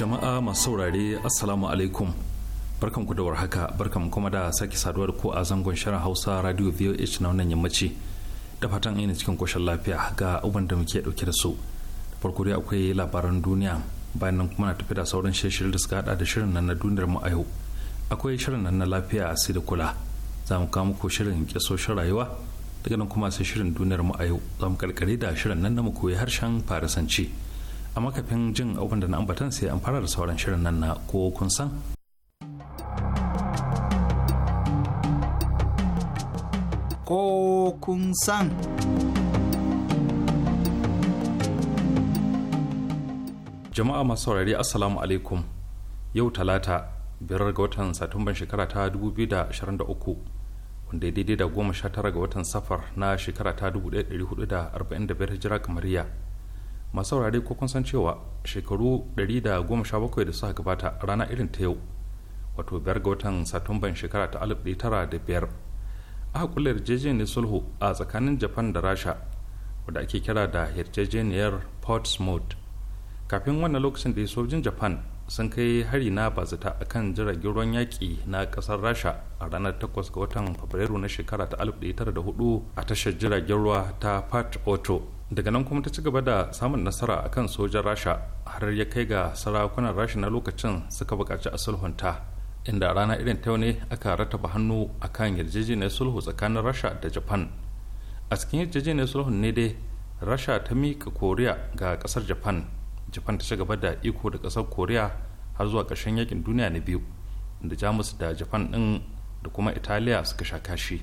jama'a masu saurare assalamu alaikum barkan ku da warhaka barkan kuma da sake saduwa da ku a zangon shirin hausa radio voh na wannan yammaci da fatan ina cikin koshin lafiya ga uban da muke dauke da su farko dai akwai labaran duniya bayan nan kuma na tafi da sauran shirin da suka hada da shirin nan na duniyar mu a yau akwai shirin nan na lafiya sai da kula za mu kawo muku shirin kyasoshin rayuwa daga nan kuma sai shirin duniyar mu a yau za mu karkare da shirin nan na mu koyi harshen farisanci a makafin jin abin da na ambatan sai an fara da sauran shirin nan na ko kun san ko kun san jama'a masu saurari assalamu alaikum yau talata biyar ga watan satumban shekara ta 2023 wanda ya daidai da goma sha tara ga watan safar na shekara ta 1445 hijira kamariya masu saurare ko kun san cewa shekaru 117 da suka gabata rana irin ta yau wato biyar ga watan satumban shekara ta alif da biyar aka kula yarjejeniyar sulhu a tsakanin japan da rasha wadda ake kira da yarjejeniyar portsmouth kafin wannan lokacin da sojin japan sun kai hari na bazata a kan jiragen ruwan yaƙi na ƙasar rasha a ranar 8 ga watan fabrairu na shekara ta 1904 a tashar jiragen ruwa ta pat otto daga nan kuma ta ci gaba da samun nasara a kan sojan rasha har ya kai ga sarakunan rasha na lokacin suka buƙaci a sulhunta inda rana irin ta ne aka rataba hannu a kan yarjejeniyar sulhu tsakanin rasha da japan a cikin yarjejeniyar sulhun ne dai rasha ta mika koriya ga ƙasar japan japan ta ci gaba da iko da ƙasar koriya har zuwa ƙarshen yakin duniya na biyu da jamus da japan ɗin da kuma italiya suka sha kashi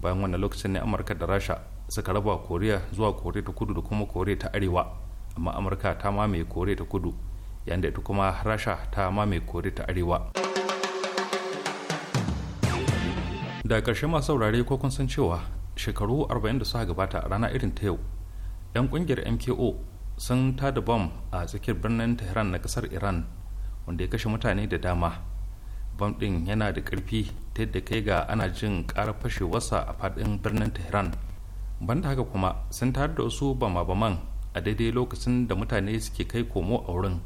bayan wannan lokacin ne amurka da rasha suka raba koriya zuwa koriya ta kudu da kuma koriya ta arewa amma amurka ta mamaye kore ta kudu yadda ita kuma rasha ta mamaye kore ta arewa da ƙarshe masu saurare ko kun san cewa shekaru 40 da suka gabata a rana irin ta yau 'yan ƙungiyar mko sun da bom a tsakiyar birnin tehran na kasar iran wanda ya kashe mutane da dama bom ɗin yana da ƙarfi ta yadda kai ga ana jin ƙara fashewarsa a faɗin birnin tehran banda haka kuma sun tayar da wasu bama-baman a daidai lokacin da mutane suke kai komo a wurin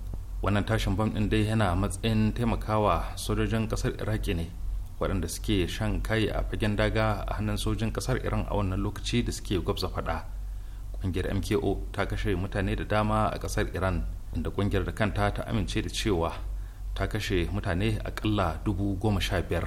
wannan tashin bam ɗin dai yana matsayin taimakawa sojojin ƙasar iraki ne waɗanda suke shan kai a fagen daga a hannun sojin ƙasar iran a wannan lokaci da suke gwabza faɗa ƙungiyar mko ta kashe mutane da dama a ƙasar iran inda ƙungiyar da kanta ta amince da cewa ta kashe mutane aƙalla dubu goma sha biyar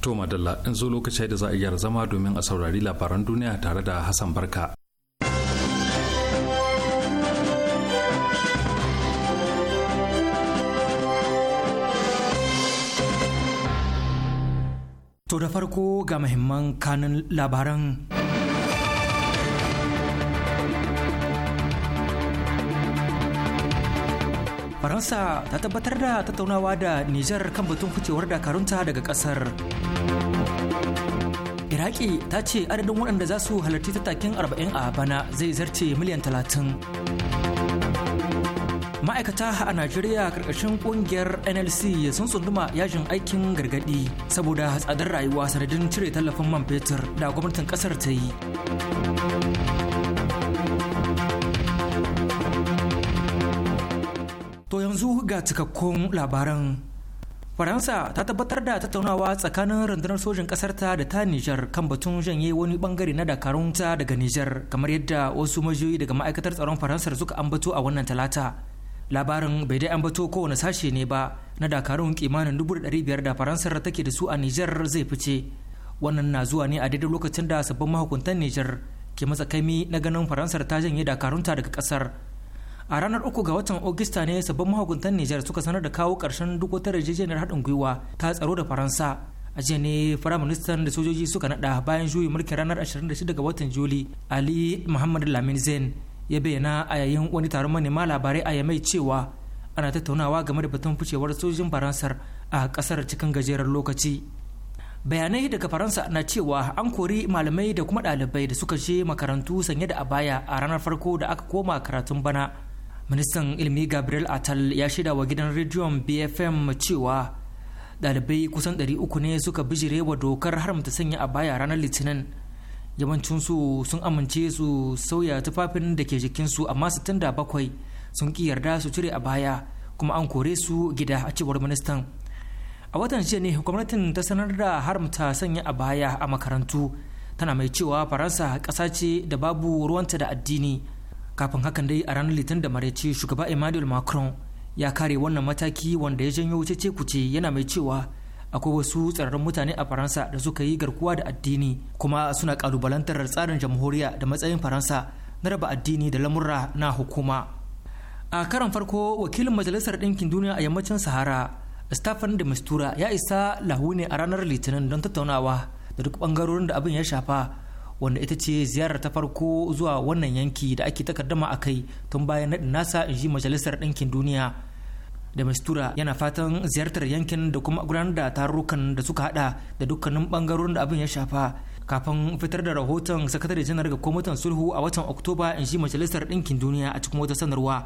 To Madalla, in zo lokaci da za a gyara zama domin a saurari labaran duniya tare da Hassan Barka. To da farko ga muhimman kanin labaran. faransa ta tabbatar da tattaunawa da nijar kan batun ficewar dakarunta daga kasar iraki ta ce adadin waɗanda za su halarci tattakin 40 a bana zai zarce miliyan 30 ma'aikata a najeriya karkashin kungiyar nlc sun tsunduma yajin aikin gargadi saboda tsadar rayuwa sanadin cire tallafin man fetur da gwamnatin kasar ta yi yanzu ga cikakkun labaran faransa ta tabbatar da tattaunawa tsakanin rundunar sojin ƙasarta da ta nijar kan batun janye wani bangare na dakarunta daga nijar kamar yadda wasu majiyoyi daga ma'aikatar tsaron faransar suka ambato a wannan talata labarin bai dai ambato kowane sashe ne ba na dakarun kimanin dubu da faransar take da su a nijar zai fice wannan na zuwa ne a daidai lokacin da sabbin mahukuntan nijar ke matsakami na ganin faransar ta janye dakarunta daga kasar a ranar uku ga watan Ogista ne sabbin mahukuntan Nijar suka sanar da kawo ƙarshen duk wata rajejeniyar haɗin gwiwa ta tsaro da Faransa. A jiya ne Firaministan da sojoji suka naɗa bayan juyi mulkin ranar 26 ga watan Juli Ali Muhammad Lamin Zain ya bayyana a yayin wani taron manema labarai a Yamai cewa ana tattaunawa game da batun ficewar sojojin Faransar a kasar cikin gajeren lokaci. bayanai daga faransa na cewa an kori malamai da kuma ɗalibai da suka je makarantu sanye da abaya a ranar farko da aka koma karatun bana ministan ilimi gabriel atal ya shaida wa gidan rediyon bfm cewa dalibai kusan 300 ne suka bijire wa dokar haramta sanya a baya ranar litinin yawancinsu sun amince su sauya tufafin da ke jikinsu amma bakwai sun ki yarda su cire a baya kuma an kore su gida a cewar ministan a watan jiya ne gwamnatin ta sanar da haramta sanya a baya a makarantu tana mai cewa faransa ƙasa ce da babu ruwanta da addini kafin hakan dai a ranar litinin da maraice shugaba emmanuel macron ya kare wannan mataki wanda ya janyo wuce kuce yana mai cewa akwai wasu tsararrun mutane a faransa da suka yi garkuwa da addini kuma suna kalubalantar tsarin jamhuriya da matsayin faransa na raba addini da lamurra na hukuma a karan farko wakilin majalisar ɗinkin duniya a yammacin sahara stephen de mistura ya isa lahune a ranar litinin don tattaunawa da duk bangarorin da abin ya shafa wanda ita ce ziyarar ta farko zuwa wannan yanki da ake takardama a kai tun bayan naɗin nasa in ji majalisar ɗinkin duniya da mistura yana fatan ziyartar yankin da kuma gudanar da tarurrukan da suka hada da dukkanin bangarorin da abin ya shafa kafin fitar da rahoton sakatare janar ga kwamitin sulhu a watan oktoba in ji majalisar ɗinkin duniya a cikin wata sanarwa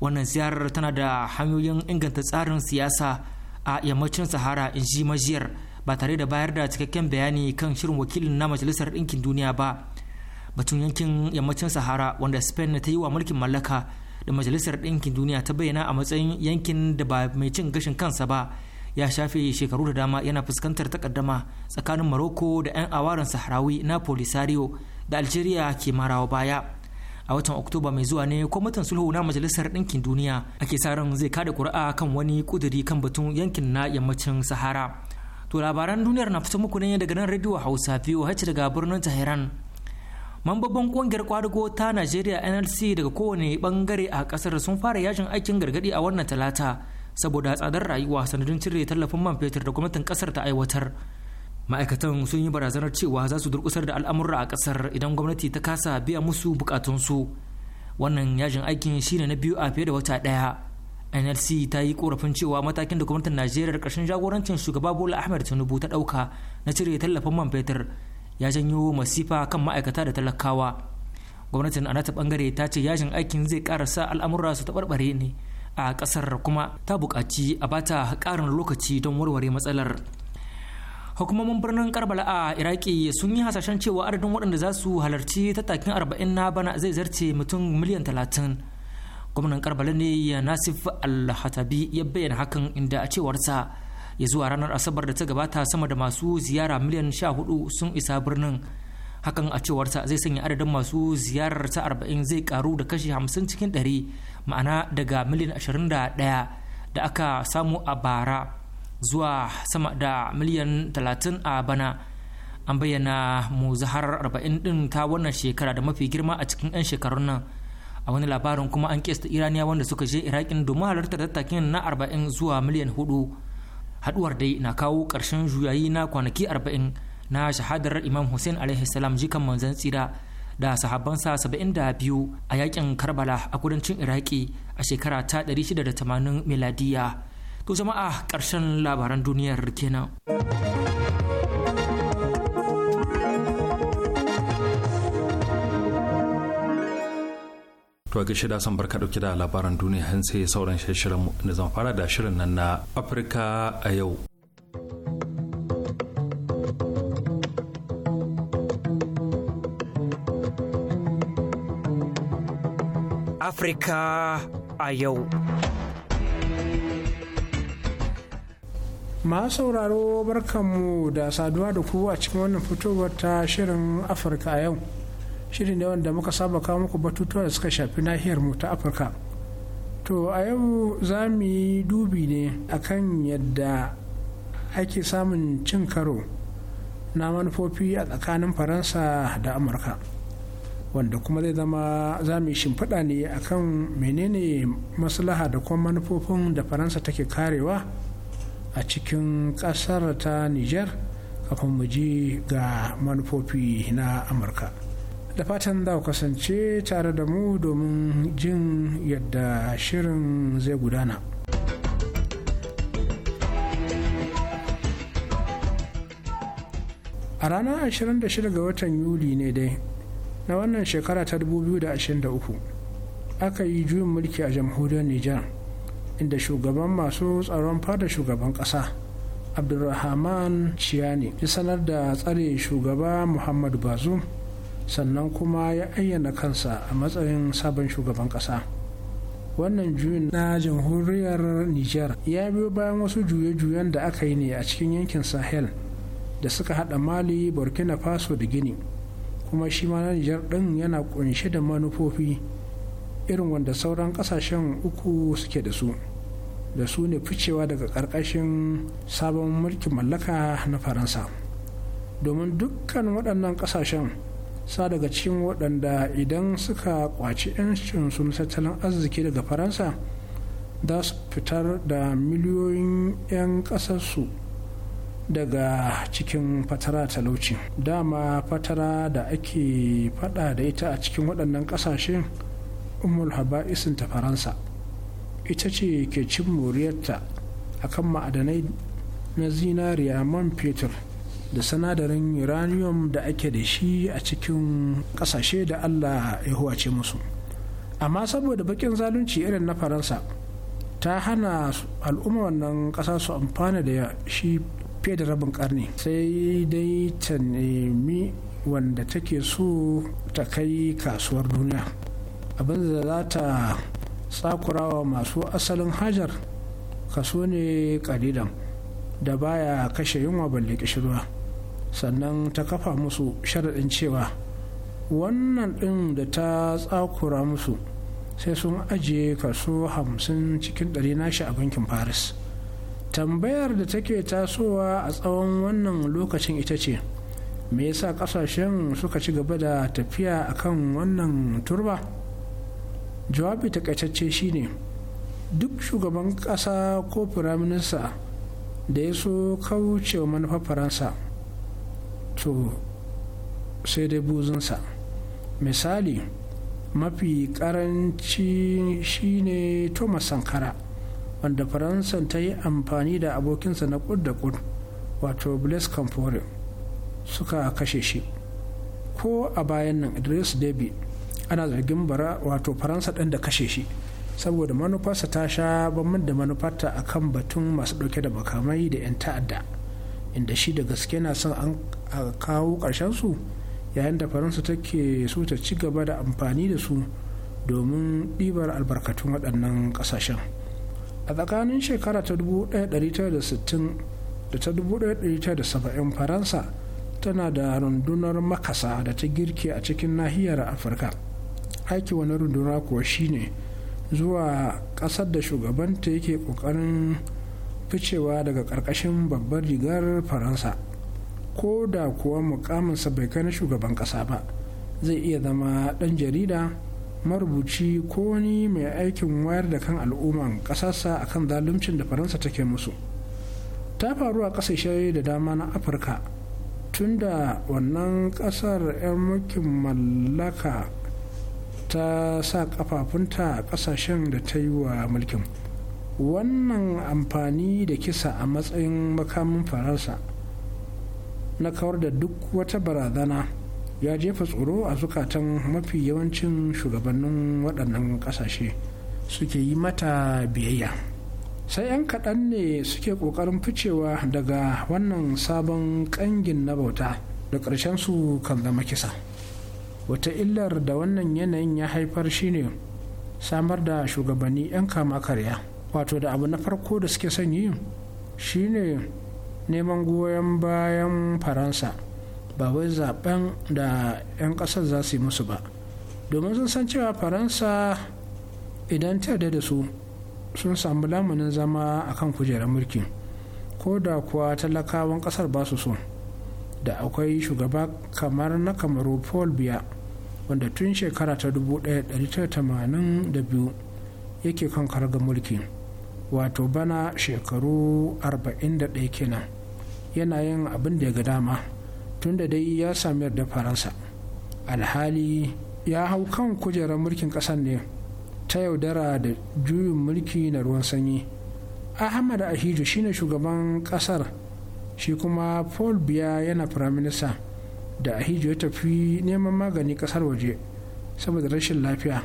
wannan ziyarar tana da hanyoyin inganta tsarin siyasa a yammacin sahara in ji majiyar ba tare da bayar da cikakken bayani kan shirin wakilin na majalisar ɗinkin duniya ba batun yankin yammacin sahara wanda spain ta yi wa mulkin mallaka da majalisar ɗinkin duniya ta bayyana a matsayin yankin da ba mai cin gashin kansa ba ya shafe shekaru da dama yana fuskantar takaddama tsakanin maroko da 'yan awaran saharawi na polisario da algeria ke marawa baya a watan oktoba mai zuwa ne kwamitin sulhu na majalisar ɗinkin duniya ake sa ran zai kada kuri'a kan wani ƙuduri kan batun yankin na yammacin sahara To labaran duniyar na fito muku ne daga nan Radio Hausa biyu VOH daga birnin Tehran. Mambobin kungiyar kwadugo ta Najeriya NLC daga kowane bangare a kasar sun fara yajin aikin gargadi a wannan talata saboda tsadar rayuwa sanadin cire tallafin man fetur da gwamnatin kasar ta aiwatar. Ma'aikatan sun yi barazanar cewa za su durkusar da al'amura a kasar idan gwamnati ta kasa biya musu bukatunsu. Wannan yajin aikin shine na biyu a fiye da wata ɗaya nlc ta yi korafin cewa matakin da gwamnatin najeriya ƙarshen jagorancin shugaba bola ahmed tinubu ta ɗauka na cire tallafin man fetur ya janyo masifa kan ma'aikata da talakawa gwamnatin a nata bangare ta ce yajin aikin zai ƙara sa al'amura su taɓarɓare ne a ƙasar kuma ta buƙaci a bata ƙarin lokaci don warware matsalar hukumomin birnin karbala a iraki sun yi hasashen cewa adadin waɗanda za su halarci tattakin arba'in na bana zai zarce mutum miliyan talatin gwamnan karbala ne ya nasif al ya bayyana hakan inda a cewarsa ya zuwa ranar asabar da ta gabata sama da masu ziyara miliyan hudu sun isa birnin hakan a cewarsa zai sanya adadin masu ziyarar ta arba'in zai karu da kashi 50 cikin 100 ma'ana daga miliyan ashirin da aka samu a bara zuwa sama da miliyan talatin a bana an bayyana muzaharar arba'in din ta wannan shekara da mafi girma a cikin 'yan shekarun nan a wani labarin kuma an kesta iraniya wanda suka je irakin domin halartar tattakin na 40 zuwa miliyan hudu haduwar dai na kawo karshen juyayi na kwanaki arba'in na shahadar imam hussein alaihi salam jikan manzan tsira da sahabbansa 72 a yakin karbala a kudancin iraki a shekara ta 680 miladiya to jama'a karshen labaran duniyar kenan To a gashi da son barka dauke da labaran duniya har sai sauran shirin mu da zan fara da shirin nan na Afirka a yau. Afirka a yau. Ma sauraro barkanmu da saduwa da ku a cikin wannan fitowar ta shirin Afirka a yau. shirin ne wanda muka saba kawo muku batutuwa da suka shafi nahiyar mu ta afirka to a yau za mu yi dubi ne akan yadda ake samun cin karo na manufofi a tsakanin faransa da amurka wanda kuma zai zama za mu yi shimfiɗa ne akan menene maslaha da kuma manufofin da faransa take karewa a cikin ƙasar ta niger kafin mu ji ga manufofi na amurka da fatan za ku kasance tare da mu domin jin yadda shirin zai gudana a ranar 26 ga watan yuli ne dai na wannan shekara ta 2023 aka yi juyin mulki a jamhuriyar nijar inda shugaban masu tsaron fada shugaban kasa abdulrahman chiani ya sanar da tsare shugaba muhammadu bazu sannan kuma ya ayyana kansa a matsayin sabon shugaban ƙasa wannan juyin na jamhuriyar niger ya biyo bayan wasu juye-juyen da aka yi ne a cikin yankin sahel da suka hada mali burkina faso da gini kuma shi ma na niger ɗin yana kunshe da manufofi irin wanda sauran ƙasashen uku suke da su da su ne ficewa daga ƙarƙashin sabon mulkin mallaka na faransa domin dukkan waɗannan ƙasashen sa daga cikin waɗanda idan suka kwaci yancin sun tattalin arziki daga faransa za su fitar da miliyoyin 'yan ƙasarsu daga cikin fatara talauci dama fatara da ake fada da ita a cikin waɗannan ƙasashen umul haba'isin ta faransa ita ce ke cin moriyarta akan ma'adanai na zinariya man fetur da sinadarin uranium da ake da shi a cikin ƙasashe da allah ya huwace musu amma saboda bakin zalunci irin na faransa ta hana al'umma wannan ƙasa su amfana da shi fiye da rabin karni sai dai ta nemi wanda take so ta kai kasuwar duniya abin da za ta tsakurawa masu asalin hajar kaso ne kalilan da baya kashe yunwa balle kishirwa sannan ta kafa musu sharaɗin cewa wannan ɗin da ta tsakura musu sai sun ajiye kaso hamsin cikin ɗari nashi a bankin paris tambayar da take tasowa a tsawon wannan lokacin ita ce me yasa ƙasashen suka ci gaba da tafiya a kan wannan turba jawabi takaitacce shine duk shugaban ƙasa ko firaminista da ya so kaucewa manufar faransa to sai dai buzunsa misali mafi karanci shine thomas sankara wanda faransa ta yi amfani da abokinsa na kud da kud wato blaise compaore suka kashe shi ko a bayan nan idris debi ana zargin bara wato faransa ɗin da kashe shi saboda manufarsa ta sha bamman da manufarta a kan batun masu ɗauke da makamai da 'yan ta'adda inda shi da gaske na son an aka kawo su yayin da faransa take so ta ci gaba da amfani da su domin ɗibar albarkatun waɗannan ƙasashen a tsakanin shekara ta 1960 da ta 1970 faransa tana da rundunar makasa da ta girke a cikin nahiyar afirka aiki wani runduna kuwa shine zuwa ƙasar da shugabanta yake ƙoƙarin ficewa daga ƙarƙashin babbar rigar faransa ko da kuwa mukaminsa bai kai na shugaban ƙasa ba zai iya zama ɗan jarida marubuci ko wani mai aikin wayar da kan al'umman ƙasarsa kan zaluncin da faransa take musu ta faru a ƙasashe da dama na afirka tun da wannan ƙasar 'yan mulkin mallaka ta sa kafafunta a ƙasashen da ta yi wa mulkin wannan amfani da kisa a matsayin makamin faransa na kawar da duk wata barazana ya jefa tsoro a zukatan mafi yawancin shugabannin waɗannan ƙasashe suke yi mata biyayya sai 'yan kaɗan ne suke ƙoƙarin ficewa daga wannan sabon ƙangin na bauta da ƙarshen su kan zama kisa wata illar da wannan yanayin ya haifar shine samar da shugabanni 'yan kama karya wato da abu na farko da suke son yi shine neman goyon bayan faransa ba wai zaben da 'yan ƙasar za su yi musu ba domin sun san cewa faransa idan ta da su sun samu lamunin zama a kan kujerar mulki ko da kuwa talakawan ƙasar ba su so da akwai shugaba kamar na kamaru paul biya wanda tun shekara ta 1982 yake kan karga mulki wato bana shekaru 41 kenan yana yin abin da ya ga dama tun da dai ya sami yarda faransa alhali ya hau kan kujerar mulkin ƙasar ne ta yaudara da juyin mulki na ruwan sanyi ahmad ahijo shine shugaban ƙasar shi kuma paul biya yana firaminista da ahijo ya tafi neman magani ƙasar waje saboda rashin lafiya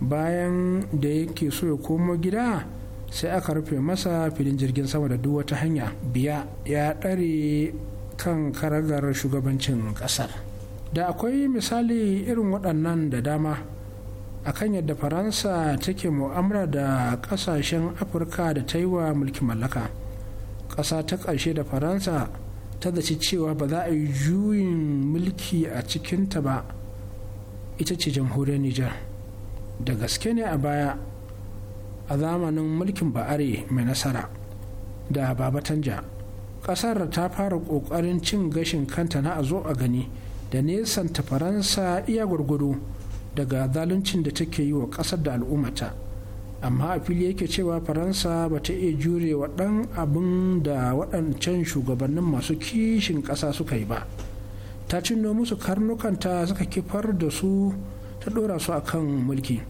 bayan da yake so ya komo gida sai aka rufe masa filin jirgin sama da duk wata hanya biya ya ɗare kan karagar shugabancin ƙasar da akwai misali irin waɗannan da dama a kan yadda faransa take mu'amala da ƙasashen afirka da ta yi wa mulkin mallaka ƙasa ta ƙarshe da faransa ta zaci cewa ba za a yi juyin mulki a cikinta ba ita ce jamhuriyar nijar da gaske ne a baya a zamanin mulkin ba'are mai nasara da babatanja kasar ta fara ƙoƙarin cin gashin kanta na a zo a gani da ta faransa iya gwargwado daga zaluncin da take yi wa ƙasar da al'ummata amma a fili yake cewa faransa ba ta iya jurewa ɗan abin da waɗancan shugabannin masu kishin ƙasa suka yi ba ta cinno musu karnukanta suka kifar da su ta ɗora su akan mulki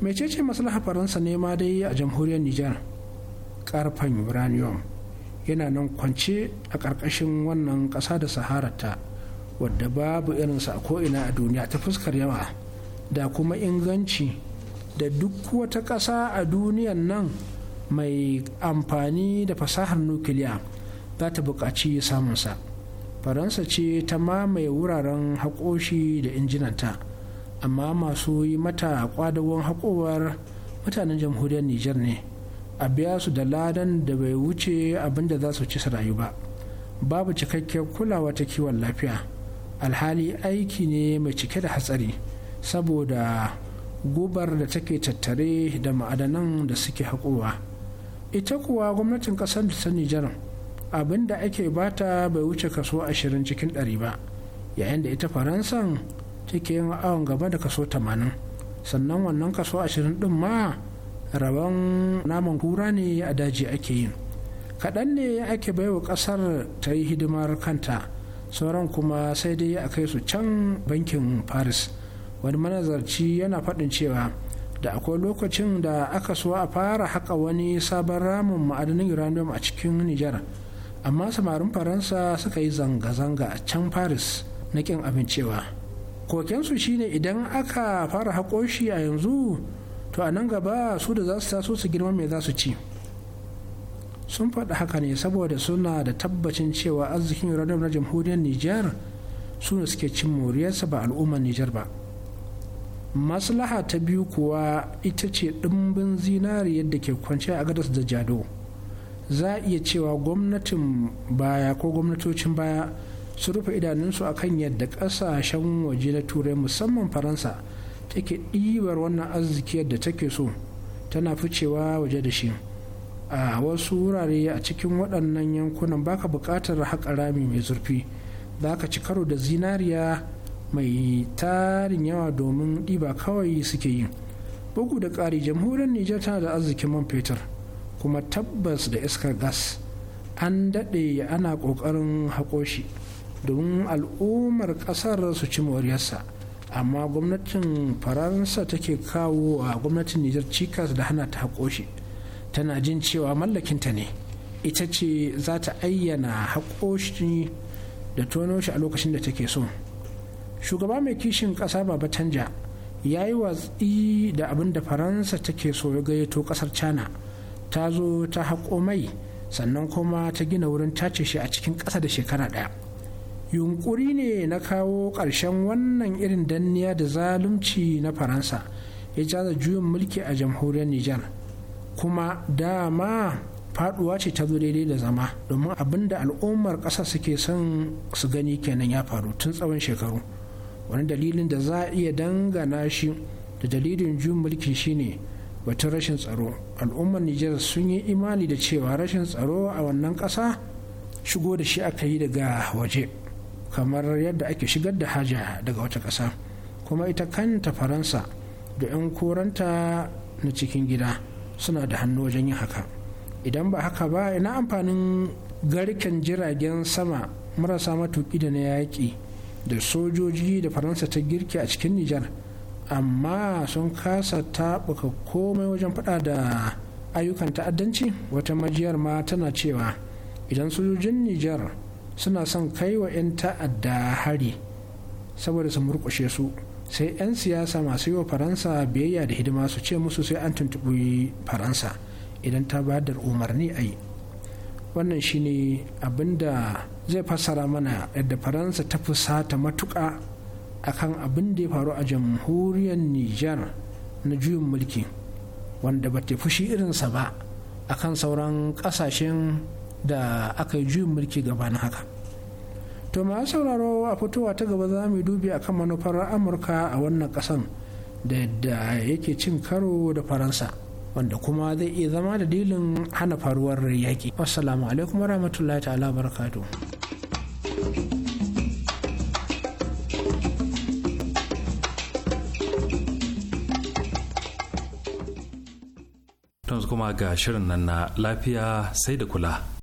mecece maslaha faransa ne ma dai a jamhuriyar nijar karfan uranium yana nan kwance a ƙarƙashin wannan ƙasa da saharata wadda babu irinsa a ko'ina a duniya ta fuskar yawa da kuma inganci da duk wata ƙasa a duniyan nan mai amfani da fasahar nukiliya za ta buƙaci samunsa faransa ce ta mamaye wuraren haƙoshi da injinanta amma masu yi mata kwadagon haƙowar mutanen jamhuriyar Nijar ne a biya su da ladan da bai wuce abin da za su ci su rayu ba babu cikakkiyar kulawa ta kiwon lafiya alhali aiki ne mai cike da hatsari saboda gubar da take tattare da ma'adanan da suke haƙowa ita kuwa gwamnatin ƙasar ta nijar abin da ake bata bai wuce kaso ashirin cikin ɗari ba yayin da ita faransan take yin awon gaba da kaso 80 sannan wannan kaso 20 din ma rabon naman kura ne a daji ake yi kaɗan ne ake baiwa ƙasar ta yi hidimar kanta sauran kuma sai dai a kai su can bankin paris wani manazarci yana faɗin cewa da akwai lokacin da aka so a fara haka wani sabon ramin ma'adanin uranium a cikin nijar amma samarin faransa suka yi zanga-zanga a can paris na kin amincewa kokensu shine idan aka fara haƙo shi a yanzu to a nan gaba su da za su taso su girma mai za su ci sun faɗi haka ne saboda suna da tabbacin cewa arzikin uranium na jamhuriyar niger su ne suke cin moriyarsa ba al'ummar niger ba maslaha ta biyu kuwa ita ce ɗimbin zinari yadda ke kwance a gadas da jado za a iya cewa gwamnatin baya ko gwamnatocin baya su rufe idanunsu a kan yadda ƙasashen waje na turai musamman faransa take ɗibar wannan arziki yadda take so tana ficewa waje da shi a wasu wurare a cikin waɗannan yankunan baka buƙatar haƙa rami mai zurfi za ka ci karo da zinariya mai tarin yawa domin ɗiba kawai suke yi bugu da ƙari jamhuriyar nijar tana da arzikin man fetur kuma tabbas da iskar gas an daɗe ana ƙoƙarin haƙo domin al'ummar ƙasar su ci moriyarsa amma gwamnatin faransa take kawo a gwamnatin nijar cikas da hana ta haƙoshi tana jin cewa mallakinta ne ita ce za ta ayyana haƙoshi da tono shi a lokacin da take so shugaba mai kishin ƙasa baba canja ya yi watsi da abin da faransa take so ya gayyato ƙasar china ta zo ta haƙo mai sannan kuma ta gina wurin tace shi a cikin ƙasa da shekara ɗaya yunkuri ne na kawo ƙarshen wannan irin danniya da zalunci na faransa ya jaza juyin mulki a jamhuriyar nijar kuma dama faduwa ce ta zo daidai da zama domin abin da al'ummar ƙasa suke son su gani kenan ya faru tun tsawon shekaru wani dalilin da za a iya dangana shi da dalilin juyin mulki shine batun rashin tsaro al'ummar nijar sun yi imani da cewa rashin tsaro a wannan ƙasa shigo da shi aka yi daga waje kamar yadda ake shigar da haja daga wata ƙasa kuma ita kanta faransa da 'yan koranta na cikin gida suna da hannu wajen yin haka idan ba haka ba ina amfanin garken jiragen sama marasa matuƙi da na yaƙi da sojoji da faransa ta girki a cikin nijar amma sun kasa taɓuka komai wajen faɗa da ayyukan ta'addanci wata majiyar ma tana cewa idan sojojin nijar suna son kai wa 'yan ta'adda hari saboda su murkushe su sai 'yan siyasa masu yi wa faransa biyayya da hidima su ce musu sai an tuntuɓi faransa idan ta ba da umarni a yi wannan shine abin da zai fassara mana yadda faransa ta fusata matuƙa akan abin da ya faru a jamhuriyar niger na juyin mulki wanda ba ta fushi irinsa ba akan sauran ƙasashen da aka yi juyin mulki gaba na haka to ma sauraro a fitowa ta gaba za mu dubi akan manufar amurka a wannan kasan da yadda yake cin karo da faransa wanda kuma zai iya zama da dilin hana faruwar yaƙi assalamu alaikum warahmatullahi ta'ala barakatu kuma ga shirin nan na lafiya sai da kula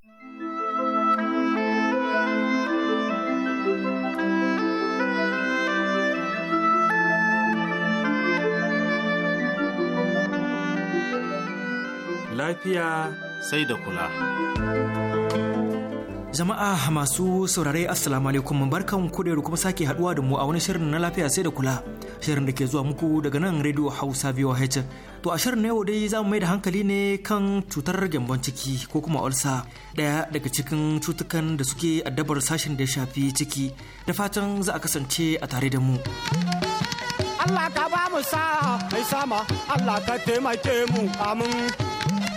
lafiya sai da kula. Jama'a masu saurare Assalamu alaikum barkan ku da kuma sake haduwa da mu a wani shirin na lafiya sai da kula. Shirin da ke zuwa muku daga nan Radio Hausa VOH. To a shirin na yau dai za mu mai da hankali ne kan cutar gyambon ciki ko kuma ulsa daya daga cikin cutukan da suke addabar sashen da ya shafi ciki da fatan za a kasance a tare da mu. Allah ka ba mu sa mai sama Allah ka taimake mu amin.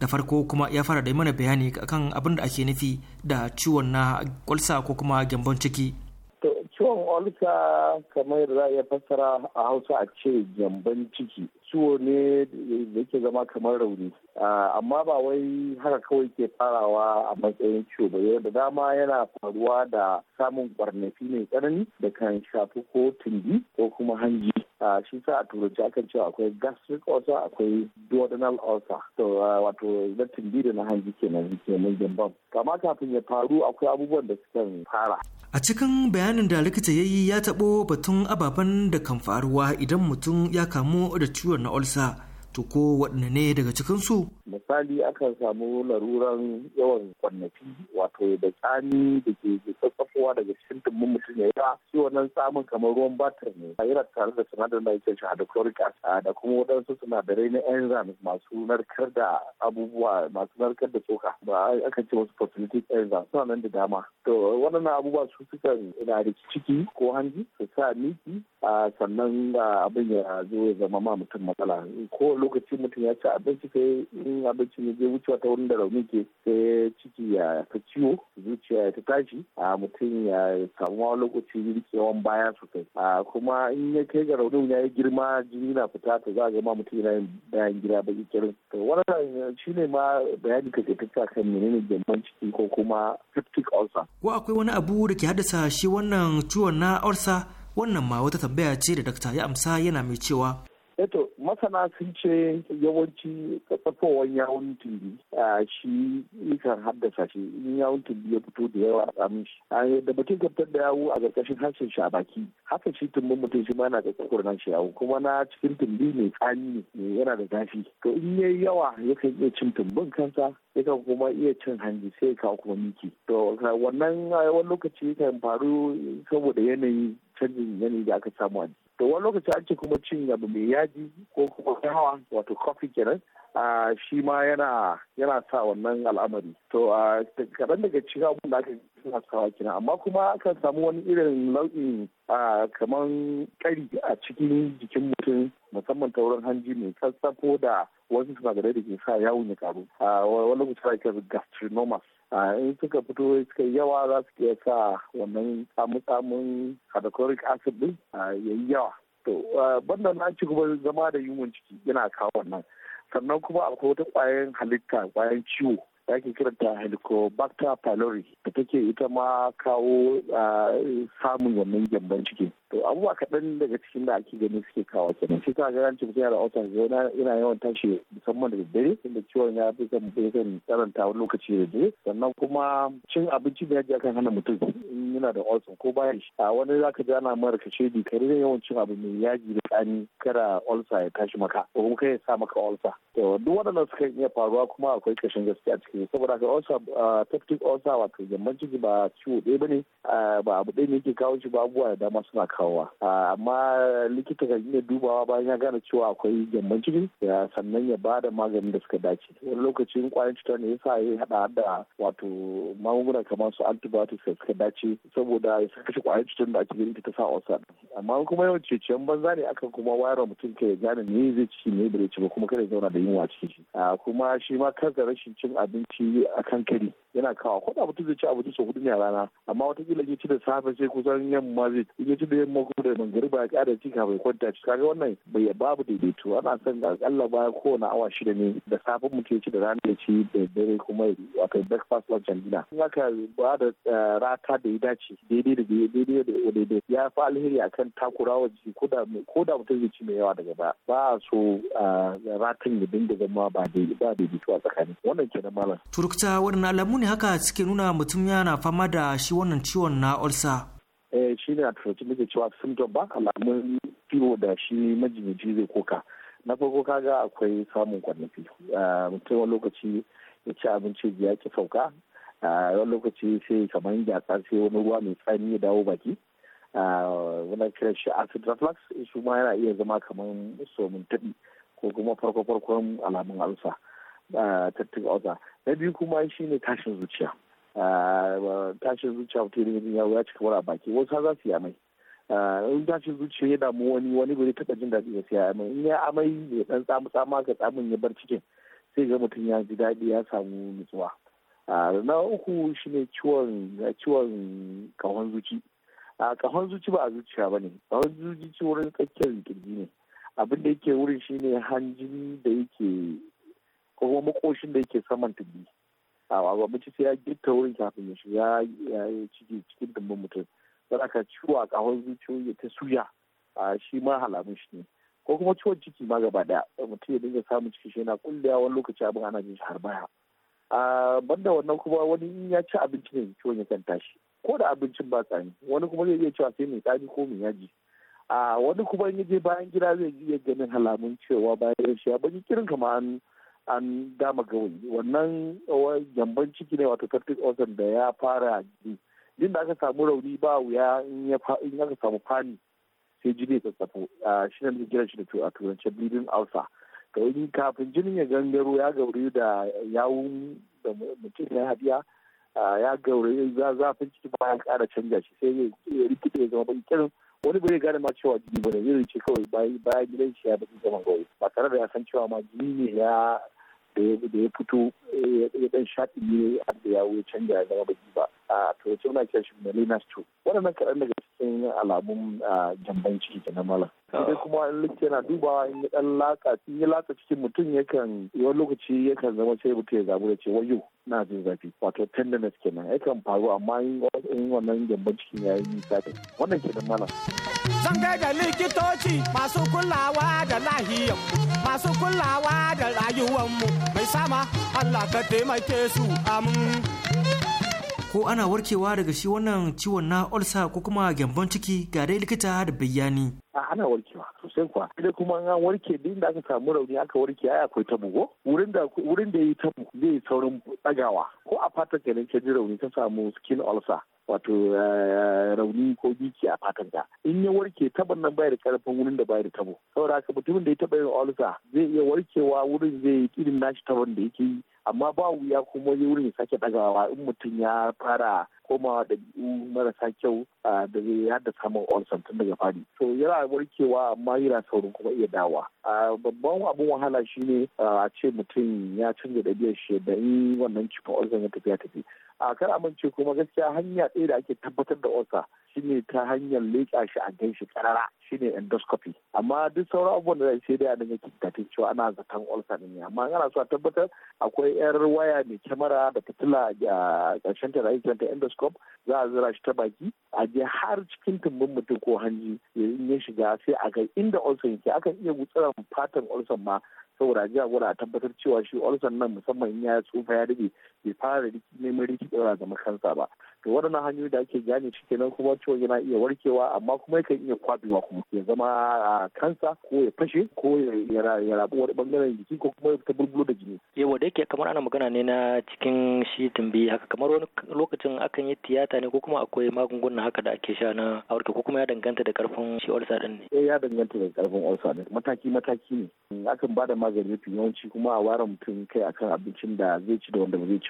da farko kuma ya fara da mana bayani kan abin da ake nufi da ciwon na kwalsa ko kuma gyambon ciki ciwon olsa kamar za a iya fassara a hausa a ce gyamban ciki ciwo ne da yake zama kamar rauni amma ba wai haka kawai ke farawa a matsayin ciwo ba yau da dama yana faruwa da samun kwarnafi mai tsanani da kan shafi ko tumbi ko kuma hanji shi sa a turanci akan cewa akwai gastric ulcer akwai duodenal ulcer to wato zartin biyu da na hanji kenan ke mun gimbam kama kafin ya faru akwai abubuwan da suka fara a cikin bayanin da likita ya yi ya taɓo batun ababen da kan faruwa idan mutum ya kamu da ciwon na ulcer to ko waɗanne ne daga cikinsu? Misali akan samu laruran yawan kwannafi wato da tsani da ke tsatsafowa daga cikin tumbin mutum ya yawa shi wannan samun kamar ruwan batir ne a yana tare da sinadarin da shahada a acid da kuma waɗansu sinadarai na enzymes masu narkar da abubuwa masu narkar da tsoka ba akan ce wasu facilitic enzymes suna nan da dama to waɗannan abubuwa su sukan na da ciki ko hanji su sa miki sannan abin ya zo ya zama ma mutum matsala ko lokaci mutum ya ci abinci sai in abinci ne zai wucewa ta wurin da rauni ke sai ciki ya ta ciwo zuciya ya ta tashi a mutum ya samu lokaci rikewan baya sosai a kuma in ya kai ga raunin ya yi girma jini na fita ta za a ga ma mutum yana yin bayan gida baki kirin wannan shi ma bayani ka ke tattaka kan menene gyamban ciki ko kuma septic ulcer ko akwai wani abu da ke haddasa shi wannan ciwon na ulcer wannan ma wata tambaya ce da dakta ya amsa yana mai cewa Eto eh masana sun ce yawanci tsafowar yawon tumbi a shi yakan haddasa shi in yawon tumbi ya fito da yawa a tsamin shi. A da mutum gabtar da yawo a ƙarƙashin harshen shi a baki haka shi tumbin mutum shi ma yana da nan shi yawo kuma na cikin tumbi mai tsani ne yana da zafi. To in yayi yawa ya kan iya cin tumbin kansa ya yakan kuma iya cin hanji sai ya kawo kuma miki. To wannan wani lokaci kan faru saboda yanayi canjin yanayi da aka samu a to wani lokaci ake kuma cin abu mai yaji ko kuma yawa wato kofi kenan a shi ma yana sa wannan al'amari to a kaɗan daga cikin abun da aka suna sawa kenan amma kuma akan samu wani irin nau'in kamar kari a cikin jikin mutum musamman ta wurin hanji mai sassafo da wasu sinadarai da ke sa yawon ya karu a wani lokaci ake gastrinomas a in suka fito suka yawa za su iya sa wannan tsamun hydrochloric acid din ya yi yawa to banda na ci gaba zama da yunwan ciki yana kawo wannan sannan kuma akwai wata kwayan halitta kwayan ciwo da ake kiranta helicobacter pylori da take ita ma kawo samun wannan gyamban ciki to abubuwa kaɗan daga cikin da ake gani suke kawo kenan shi ta ga ranci mutum yana otan zauna yana yawan tashi musamman da daddare inda ciwon ya fi kan kan karanta wani lokaci da dare sannan kuma cin abinci da yaji akan hana mutum in yana da otan ko bayan shi a wani zaka ji ana mara kace di kare yawan cin abu mai yaji da tsani kara olsa ya tashi maka ko kuma kai ya sa maka olsa to duk waɗannan suka iya faruwa kuma akwai kashin gaskiya cikin ne eh, saboda osa ulcer ah, peptic ulcer wato gyamban ciki ba ciwo ɗaya ba ne ah, ba abu ɗaya ne yake kawo shi ba abubuwa da dama suna kawowa ah, amma likita kan iya dubawa bayan ya gane cewa akwai gyamban ciki sannan ya ba da maganin da suka dace wani lokacin kwayan cutar ne ya sa ya hada da wato magunguna kamar su antibiotics da suka dace saboda ya kashe kwayan cutar da ake ganin ta sa ulcer amma kuma yawan ceciyan banza ne aka kuma wayar mutum kai ya gane me zai ci me bai ci ba kuma kada ya zauna da yunwa cikin shi kuma shi ma da rashin cin abin. abinci a kan kari yana kawo ko da mutum zai ci abinci sau hudu ne a rana amma watakila ya ci da safe sai kusan yamma zai ya ci da yamma kuma da mangariba ya kada ci kafin kwanta ci kaga wannan bai babu daidaito ana son akalla baya kowane awa shida ne da safe mutum ya ci da rana ya ci da dare kuma wato breakfast lunch and dinner in aka ba da eh, rata da ya dace daidai da daidai da daidai ya fi alheri akan takurawa jiki ko da mutum zai ci mai yawa daga ba ba so eh, ratan ya dinga zama ba daidaito a tsakanin wannan kenan daban Turukta waɗanne alamu ne haka suke nuna mutum yana fama da shi wannan ciwon na olsa? Eh shi ne a turanci muke cewa symptom ba alamun ciwo da shi majinyaci zai koka. Na farko kaga akwai samun kwanaki. Ah, mutum wani lokaci ya ci abinci ya ki sauka. Ah, wani lokaci sai kamar gyatsa sai wani ruwa mai tsami ya dawo baki. Wani ah, kiran shi acid reflux shi ma yana iya zama kamar somin taɓi ko kuma farko-farkon alamun alsa. tattun oza na biyu kuma shi ne tashin zuciya tashin zuciya mutum ne ya wuya cika a baki wasu za su yi amai in tashin zuciya ya damu wani wani bai taɓa jin daɗi ya siya amai in ya amai ya ɗan tsamu tsama ka tsamin ya bar cikin sai ga mutum ya ji daɗi ya samu nutsuwa na uku shine ciwon ciwon kahon zuci a kahon zuci ba a zuciya ba ne kahon zuci wurin tsakiyar kirji ne abinda da yake wurin shine hanjin da yake ko makoshin da yake saman tubi a abinci sai ya gitta wurin kafin ya shiga ya yi ciki cikin dumbin mutum don aka ciwo a kahon zuciyoyi ta suya a shi ma halamun shi ne ko kuma ciwon ciki ma gaba daya mutum ya dinga samun ciki shi na kullewa wani lokaci abin ana jin shi har baya a banda wannan kuma wani in ya ci abinci ne ciwon ya kan tashi ko da abincin ba tsani wani kuma zai iya cewa sai mai tsani ko mai yaji a wani kuma in je bayan gida zai iya ganin halamun cewa bayan shi ya bani kirin kamar. an dama gawayi wannan jamban ciki ne wato tattik ozan da ya fara jini din da aka samu rauni ba wuya in aka samu fani sai jini ya tsatsafo shi ne kiran shi da a turance bleeding ulcer to in kafin jinin ya gangaro ya gauri da yawun da mutum ya hadiya ya gauri zafin ciki ba ya kara canja shi sai ya rikide ya zama baki kirin wani bai gane ma cewa jini bane zai ce kawai bayan gidan shi ya baki zama gauri ba tare da ya san cewa ma jini ne ya da ya fito eh, ya dan shaɗi ne da ya wuce canja ya zama baki ba a turanci muna kiran shi melina stew waɗannan kaɗan daga cikin alamun jambanci ciki na mala ah. sai kuma in likita yana dubawa in ya dan laka in ya laka cikin mutum yakan wani lokaci yakan zama sai mutum ya zamu da ce wayo na jin zafi wato tenderness kenan yakan faru amma in wannan jambanci cikin ya yi nisa wannan kenan mala. Mun da likitoci masu kulawa da lahiya masu kulawa da rayuwar mu mai sama Allah ka taimake su amin. ko ana warkewa daga shi wannan ciwon na olsa ko kuma gyambon ciki ga dai likita da bayani. a ana warkewa sosai kuwa idan kuma an warke din da aka samu rauni aka warke ai akwai tabu ko wurin da wurin da yayi tabu zai saurin tsagawa ko a fatar kenan ka ji rauni ka samu skin ulcer wato eh, rauni ko biki a fatan ta in ya warke taban nan bai da karfin wurin da bai da tabo saboda haka mutumin da ya taba yin ulcer zai iya warkewa wurin zai yi irin nashi taban da yake yi amma ba wuya kuma yi wurin sake ɗagawa in mutum ya fara komawa da marasa kyau da zai da samun olsan tun daga fari to yana warkewa amma yana saurin kuma iya dawa babban abun wahala shine a ce mutum ya canza biyar shi da in wannan cikin olsan ya tafi ya tafi a kar amince kuma gaskiya hanya ɗaya da ake tabbatar da osa shine ta hanyar leƙa shi a gan shi karara shine endoscopy amma duk sauran abubuwan da sai dai a yake tafi cewa ana zaton ulcer ne amma ana so a tabbatar akwai yar waya mai kyamara da fitila a ƙarshen ta da ake ta endoscope za a zira shi ta baki a je har cikin tumbin mutum ko hanji in ya shiga sai a ga inda ulcer yake akan iya gutsuran fatan ulcer ma saboda a gwada a tabbatar cewa shi olson nan musamman in ya tsufa ya dade bai fara neman riki da ga makansa ba to waɗannan hanyoyi da ake gane shi kenan kuma ciwon yana iya warkewa amma kuma yakan iya kwabewa kuma ya zama a kansa ko ya fashe ko ya rabu wani bangaren jiki ko kuma ta bulbulo da jini. yawa da yake kamar ana magana ne na cikin shi tumbi haka kamar wani lokacin akan yi tiyata ne ko kuma akwai magungunan haka da ake sha na aurka ko kuma ya danganta da karfin shi ulcer din ne. eh ya danganta da karfin ulcer din mataki mataki ne akan ba da magani mafi yawanci kuma a ware mutum kai akan abincin da zai ci da wanda ba zai ci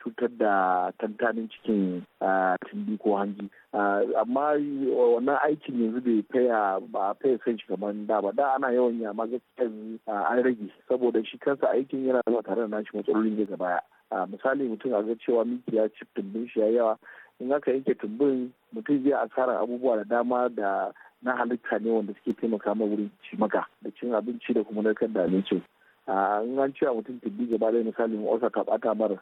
cutar da tantanin cikin ah, tindi ko hanji ah, amma ah, wannan aikin yanzu bai a ba faya san shi kamar da ba da ana yawan yama gaskiya an rage saboda shi kansa aikin yana zuwa tare da nashi matsalolin daga baya misali mutum a ga cewa miki ya ci tumbin shi ya yawa in aka yanke tumbin mutum zai asara abubuwa da dama da na halitta ne wanda suke taimaka ma wurin maka. da cin abinci da kuma narkar da abinci in an cewa mutum tumbi gaba da misali mu osa ta bata mara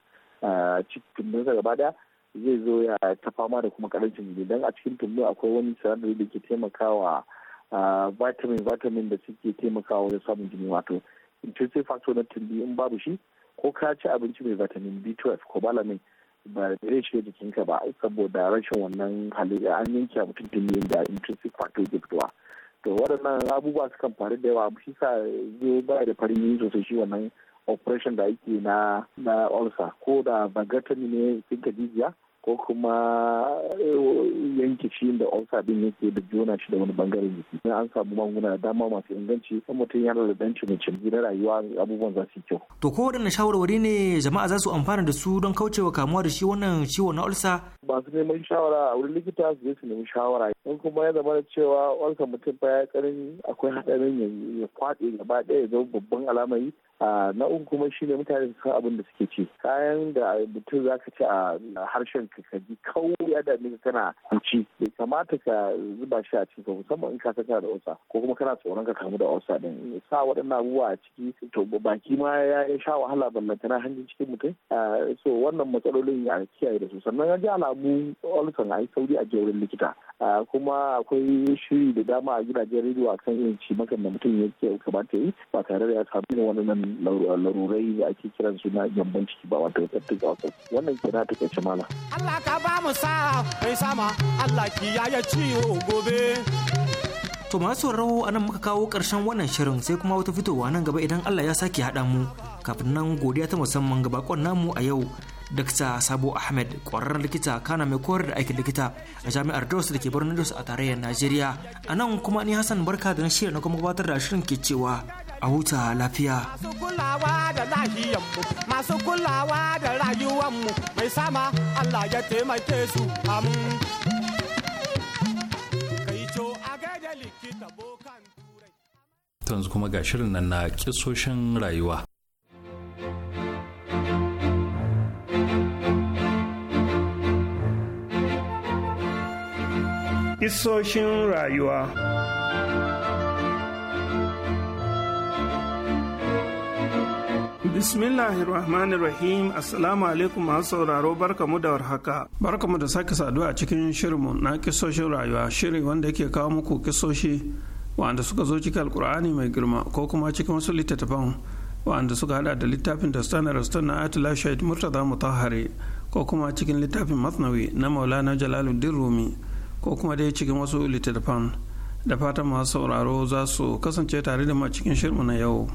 tumbinsa gaba daya zai zo ya ta fama da kuma karancin jini don a cikin tumbin akwai wani sinadari da ke taimakawa vitamin vitamin da suke taimakawa wajen samun jini wato intrinsic factor na tumbi in babu shi ko ka ci abinci mai vitamin b12 ko balamin ba zai shiga jikinka ba saboda rashin wannan halayya an yanke mutum tumbi da intrinsic factor ke fitowa to waɗannan abubuwa sukan faru da yawa shi sa zai ba da farin yin sosai shi wannan operation da ake na na ko da bagatani ne tsinka jijiya ko kuma eh, yanke shi da Ulsa din yake da jona shi da wani bangare jiki sai an samu manguna da dama masu inganci kuma mutum yana da dan cin na rayuwa abubuwan za su kyau to ko waɗannan shawarwari ne jama'a za su amfana da su don kaucewa kamuwa da shi wannan ciwon na su masu neman shawara a wurin likita su je su nemi shawara in kuma ya zama da cewa ulsa mutum fa ya karin akwai haɗarin ya kwaɗe gaba ɗaya ya zama babban alamari na uku kuma shine mutane su san abin da suke ci kayan da mutum za ka ci a harshen ka ka ji kawai ya dame ka kana ci bai kamata ka zuba shi a cikin ka musamman in ka ta da osa ko kuma kana tsoron ka kamu da osa din sa waɗannan abubuwa a ciki to baki ma ya sha wahala ballantana hanyar cikin mutum so wannan matsalolin a kiyaye da su sannan ya ji alamu olson a yi sauri a wurin likita kuma akwai shiri da dama a gidajen rediyo akan irin ci makan da mutum ya kamata ya yi ba tare da ya samu nan. larurai da ake kiran su na ciki ba wato tattaka ko wannan kira ta kace mala Allah ka ba mu sa mai sama Allah ki ya ya ciwo gobe To masu sauraro a nan muka kawo ƙarshen wannan shirin sai kuma wata fitowa nan gaba idan Allah ya sake haɗa mu kafin nan godiya ta musamman ga bakon namu a yau Dr. Sabo Ahmed ƙwararren likita kana mai koyar da aikin likita a jami'ar Jos da ke birnin Jos a tarayyar Najeriya. A nan kuma ni Hassan Barka da na shirya na kuma gabatar da shirin ke cewa a huta lafiya. Masu kulawa da lahiyanmu, masu kulawa da rayuwanmu, mai sama Allah ya taimake su amu. Tanzu kuma ga shirin nan na kisoshin rayuwa. Kisoshin rayuwa. Bismillahirrahmanirrahim Assalamu alaikum masu sauraro barkamu da warhaka. Barkamu da sake saduwa a cikin shirinmu na kisoshin rayuwa shirin wanda yake kawo muku kisoshi wanda suka zo cikin alkur'ani mai girma ko kuma cikin wasu littattafan wanda suka hada da littafin da stanar rastan na atula shahid murtaza mutahari ko kuma cikin littafin masnawi na maulana jalaluddin rumi ko kuma dai cikin wasu littattafan da fatan masu sauraro za su kasance tare da mu cikin shirinmu na yau.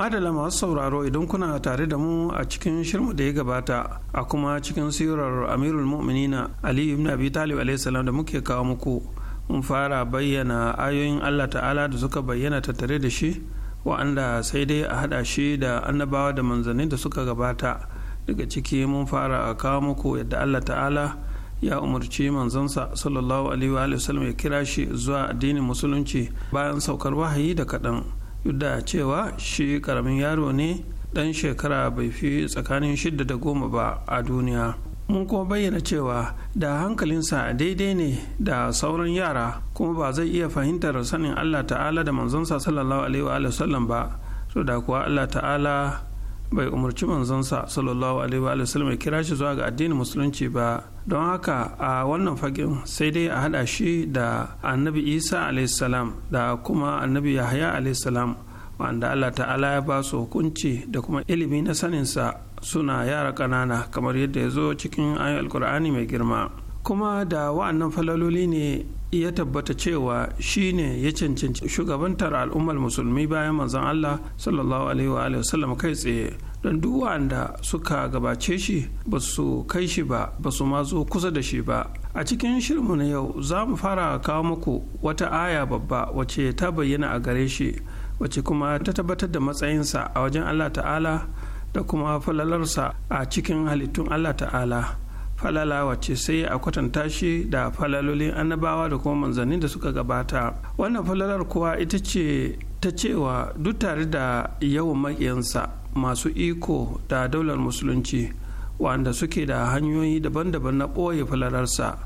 madala masu sauraro idan kuna tare da mu a cikin shirmu da ya gabata a kuma cikin sirar amirul mu'minina ali ibn abi talib alaihissalam da muke kawo muku mun fara bayyana ayoyin allah ta'ala da suka bayyana tattare da shi wa'anda sai dai a haɗa shi da annabawa da manzanni da suka gabata daga ciki mun fara kawo muku yadda allah ta'ala ya umarci manzansa sallallahu alaihi wa sallam ya kira shi zuwa addinin musulunci bayan saukar wahayi da kaɗan duk da cewa shi karamin yaro ne dan shekara bai fi tsakanin shida da goma ba a duniya mun kuma bayyana cewa da hankalinsa daidai ne da sauran yara kuma ba zai iya fahimtar sanin allah ta'ala da manzonsa sallallahu alaihi wa sallam ba so da kuwa allah ta'ala bai umarci manzonsa sallallahu alaihi wa sallam ya kira shi zuwa ga addinin musulunci ba don haka a wannan fagen sai dai a hada shi da annabi isa alaihi salam da kuma annabi yahaya alaihi salam wanda allah ta'ala ya ba su hukunci da kuma ilimi na saninsa suna yara ƙanana kamar yadda ya zo cikin ayoyin alkur'ani mai girma kuma da wa'annan falaloli ne ya tabbata cewa shi ne ya cancanci shugabantar al'ummar musulmi bayan manzon Allah sallallahu alaihi wa sallam kai tsaye don duk wanda suka gabace shi ba su kai shi ba ba su ma kusa da shi ba a cikin shirmu na yau za mu fara kawo muku wata aya babba wacce ta bayyana a gare shi wacce kuma ta tabbatar da matsayinsa a wajen Allah ta'ala da kuma falalarsa a cikin halittun Allah ta'ala falala wacce sai a kwatanta shi da falalolin annabawa da kuma manzannin da suka gabata wannan falalar kuwa ita ce ta cewa duk tare da yawan makiyansa masu iko da daular musulunci wanda suke da hanyoyi daban-daban na ɓoye falalarsa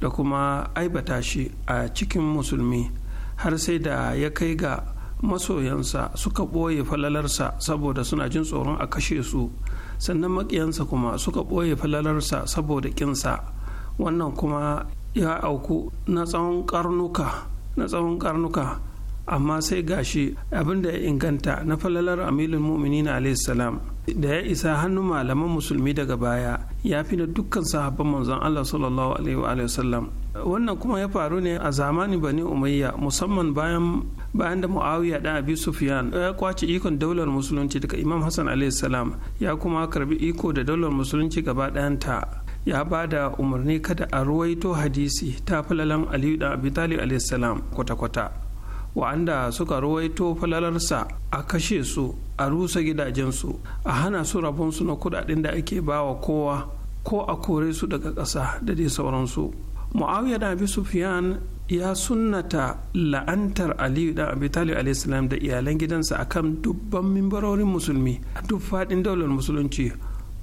da kuma aibata shi a cikin musulmi har sai da ya kai ga masoyansa suka ɓoye falalarsa saboda suna jin tsoron a kashe su sannan makiyansa kuma suka ɓoye falalarsa saboda ƙinsa wannan kuma ya auku na tsawon karnuka na tsawon karnuka amma sai gashi abin da ya inganta na falalar amilin mu'minin salam da ya isa hannu malaman musulmi daga baya ya fi na dukkan sahabban manzon Allah sallallahu alaihi wa sallam wannan kuma ya faru ne a zamani bani umayya musamman bayan bayan da muawiya dan abi sufyan ya kwace ikon daular musulunci daga imam hassan alaihi ya kuma karbi iko da daular musulunci gaba ɗayanta ya ba da umarni kada a ruwaito hadisi ta falalan aliyu da abi talib a.s. kwata-kwata wa'anda suka ruwaito falalarsa a kashe su a rusa gidajensu a hana su rabon su na kudaden da ake bawa kowa ko a kore su daga ƙasa da dai sauransu muawiya da abi sufyan ya sunnata la'antar aliyu da abi talib alaihissalam da iyalan gidansa akan dubban mimbarorin musulmi a duk faɗin daular musulunci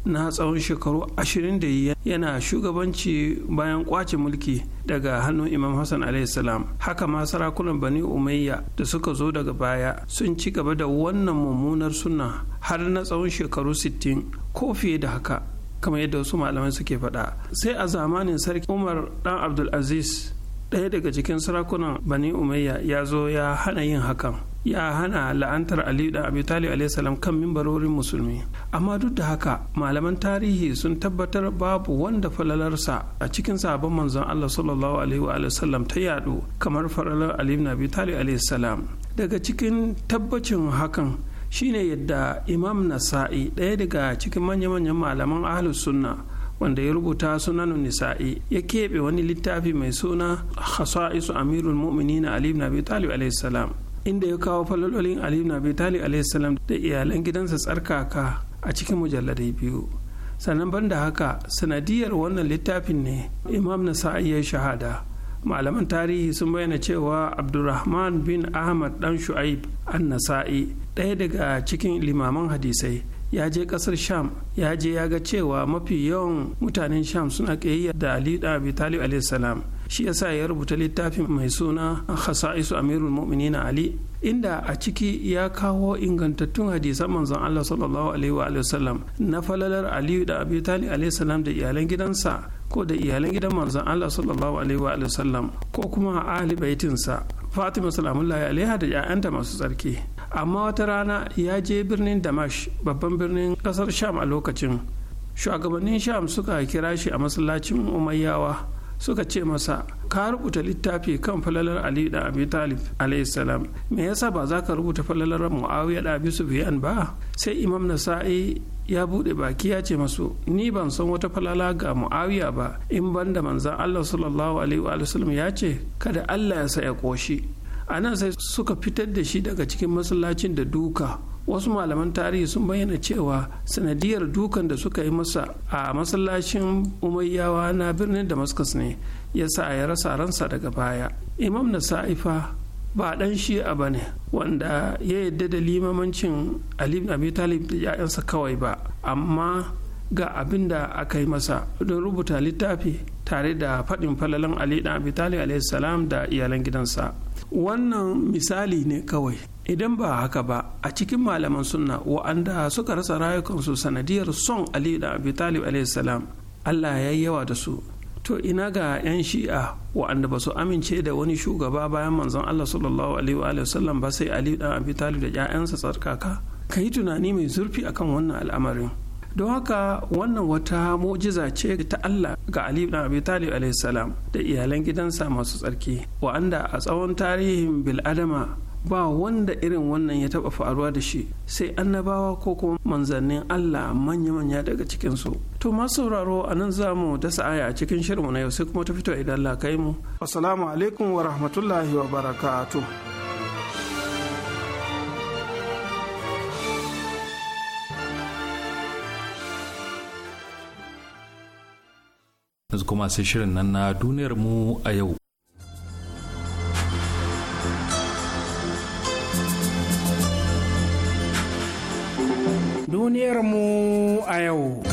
na tsawon shekaru ashirin da yana shugabanci bayan kwace mulki daga hannun imam hassan alaihissalam haka ma sarakunan bani umayya da suka zo daga baya sun ci gaba da wannan mummunar sunna har na tsawon shekaru 60 ko fiye da haka kamar yadda wasu malamai suke faɗa sai a zamanin sarki umar dan abdulaziz ɗaya daga cikin sarakunan bani umayya ya zo ya hana yin hakan ya hana la'antar ali da abu talib salam kan mimbarorin musulmi amma duk da haka malaman tarihi sun tabbatar babu wanda falalarsa a cikin sabon manzon allah sallallahu alaihi wa sallam ta yadu kamar falalar ali na abu talib salam. daga cikin tabbacin hakan shine yadda imam nasa'i ɗaya daga cikin manya-manyan malaman ahlus sunna wanda ya rubuta sunanun nisa'i ya keɓe wani littafi mai suna hasa'isu amirul na ali ibn abi talib alayhi inda ya kawo falalolin ali ibn abi talib alayhi salam da iyalan gidansa tsarkaka a cikin mujalladai biyu sannan ban da haka sanadiyar wannan littafin ne imam nasa'i ya shahada malaman tarihi sun bayyana cewa abdulrahman bin ahmad dan shu'aib an nasa'i ɗaya daga cikin limaman hadisai ya je kasar sham ya je ya ga cewa mafi yawan mutanen sham suna ƙiyayya da ali da abi talib alaihissalam shi yasa ya rubuta littafin mai suna khasa'isu amirul mu'minin ali inda a ciki ya kawo ingantattun hadisan manzon Allah sallallahu alaihi wa sallam na falalar ali da abi talib alaihissalam da iyalan gidansa ko da iyalan gidan manzon Allah sallallahu alaihi wa sallam ko kuma ahli baitinsa fatima salamullahi alaiha da 'ya'yanta masu tsarki amma wata rana ya je birnin damash babban birnin kasar sham a lokacin shugabannin sham suka kira shi a masallacin umayyawa suka ce masa ka rubuta littafi kan falalar ali da abi talib alaihissalam me yasa ba za ka rubuta falalar muawiya da abi sufyan ba sai imam nasa'i ya bude baki ya ce masu ni ban san wata falala ga muawiya ba in banda manzan allah sallallahu alaihi wa sallam ya ce kada allah ya saya koshi a nan sai suka fitar da shi daga cikin masallacin da duka wasu malaman tarihi sun bayyana cewa sanadiyar dukan da suka yi masa a masallacin umayyawa na birnin damascus ne ya sa ya rasa ransa daga baya imam na sa'ifa ba dan shi'a ba ne wanda ya yadda da limamancin ali abi talib da 'ya'yansa kawai ba amma ga abin da aka yi masa don rubuta littafi tare da faɗin falalan ali da abi talib da iyalan gidansa wannan misali ne kawai idan ba haka ba a cikin malaman sunna wa'anda suka rasa rayukansu sanadiyar son ali da abu talib salam allah ya yi yawa da su to ina ga 'yan shi'a wa'anda ba su amince da wani shugaba bayan manzon allah sallallahu alaihi wa sallam ba sai ali da abu talib da 'ya'yansa tsarkaka ka yi tunani mai zurfi akan wannan al'amarin don haka wannan wata mu'jiza ce ta Allah ga Ali ibn Abi Talib salam da iyalan gidansa masu tsarki wa'anda a tsawon tarihin bil'adama ba wanda irin wannan ya taba faruwa da shi sai annabawa ko kuma manzannin Allah manya-manya daga su To masu sauraro a nan za mu dasa aya a cikin shirinmu na yau sai kuma ta fito idan Allah kai mu. Assalamu alaikum wa rahmatullahi wa barakatuh. yanzu kuma sai shirin nan na duniyar mu a yau duniyar mu a yau